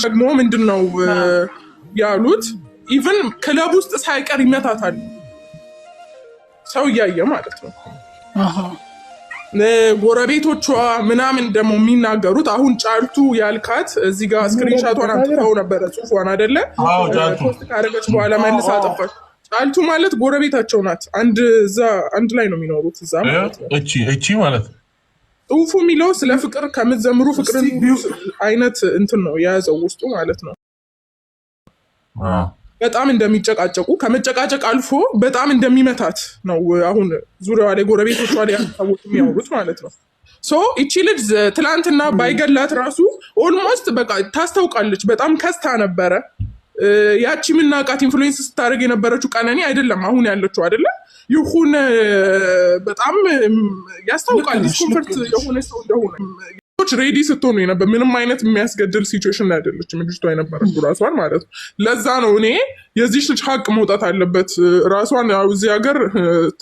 ሰዎች ደግሞ ምንድን ነው ያሉት? ኢቨን ክለብ ውስጥ ሳይቀር ይመታታል። ሰው እያየ ማለት ነው። ጎረቤቶቿ ምናምን ደግሞ የሚናገሩት አሁን ጫልቱ ያልካት እዚህ ጋር ስክሪንሻቷን አጥፍተው ነበረ ጽሁፏን አደለ ፖስት ካደረገች በኋላ መልስ አጠፋች። ጫልቱ ማለት ጎረቤታቸው ናት። አንድ እዛ አንድ ላይ ነው የሚኖሩት እዛ ማለት ነው እቺ ማለት ነው ጽሁፉ የሚለው ስለ ፍቅር ከምትዘምሩ ፍቅር አይነት እንትን ነው የያዘው ውስጡ ማለት ነው። በጣም እንደሚጨቃጨቁ ከመጨቃጨቅ አልፎ በጣም እንደሚመታት ነው አሁን ዙሪያዋ ላይ ጎረቤቶቿ ላይ ሰዎች የሚያወሩት ማለት ነው። ሶ ልጅ ትላንትና ባይገላት ራሱ ኦልሞስት በቃ ታስታውቃለች። በጣም ከስታ ነበረ። ያቺ ምናቃት ኢንፍሉዌንስ ስታደርግ የነበረችው ቀነኒ አይደለም አሁን ያለችው አይደለም ይሁን በጣም ያስታውቃል ዲስኮንፈርት የሆነ ሰው እንደሆነ ሬዲ ስትሆኑ ነበር። ምንም አይነት የሚያስገድል ሲቹዌሽን ላይ አይደለችም ልጅቷ የነበረችው ራሷን ማለት ነው። ለዛ ነው እኔ የዚች ልጅ ሀቅ መውጣት አለበት። ራሷን ያው እዚህ ሀገር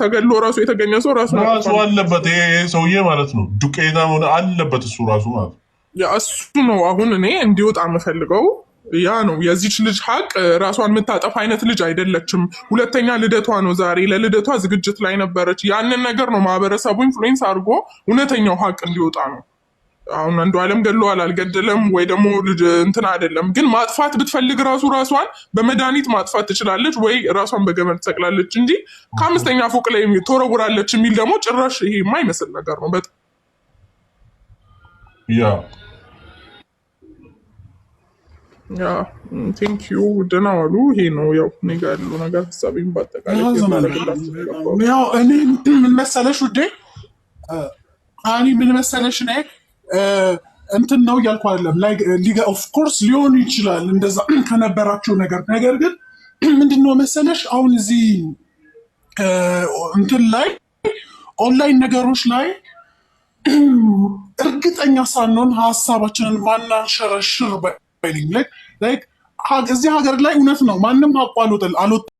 ተገሎ ራሱ የተገኘ ሰው ራሱ አለበት ሰውዬ ማለት ነው። ዱቄታ ሆነ አለበት እሱ ራሱ ማለት ነው። እሱ ነው አሁን እኔ እንዲወጣ የምፈልገው ያ ነው የዚች ልጅ ሀቅ። ራሷን የምታጠፍ አይነት ልጅ አይደለችም። ሁለተኛ ልደቷ ነው ዛሬ። ለልደቷ ዝግጅት ላይ ነበረች። ያንን ነገር ነው ማህበረሰቡ ኢንፍሉዌንስ አድርጎ እውነተኛው ሀቅ እንዲወጣ ነው። አሁን አንዱ አለም ገለዋል አልገደለም ወይ ደግሞ ልጅ እንትን አይደለም። ግን ማጥፋት ብትፈልግ ራሱ ራሷን በመድኃኒት ማጥፋት ትችላለች ወይ ራሷን በገመድ ትሰቅላለች እንጂ ከአምስተኛ ፎቅ ላይ ተወረውራለች የሚል ደግሞ ጭራሽ ይሄ የማይመስል ነገር ነው በጣም ያ ቲንክ ዩ ደህና ዋሉ። ይሄ ነው ያው እኔ ያለው ነገር በአጠቃላይ ያው እኔ ምን መሰለሽ ውዴ እኔ ምን መሰለሽ ነ እንትን ነው እያልኩ አይደለም ኦፍኮርስ ይችላል እንደዛ ከነበራቸው ነገር ነገር ግን ምንድን ነው መሰለሽ አሁን እዚህ እንትን ላይ ኦንላይን ነገሮች ላይ እርግጠኛ ሳንሆን ሀሳባችንን ማናንሸረሽር ላይክ እዚህ ሀገር ላይ እውነት ነው። ማንም አቋ አልወጣም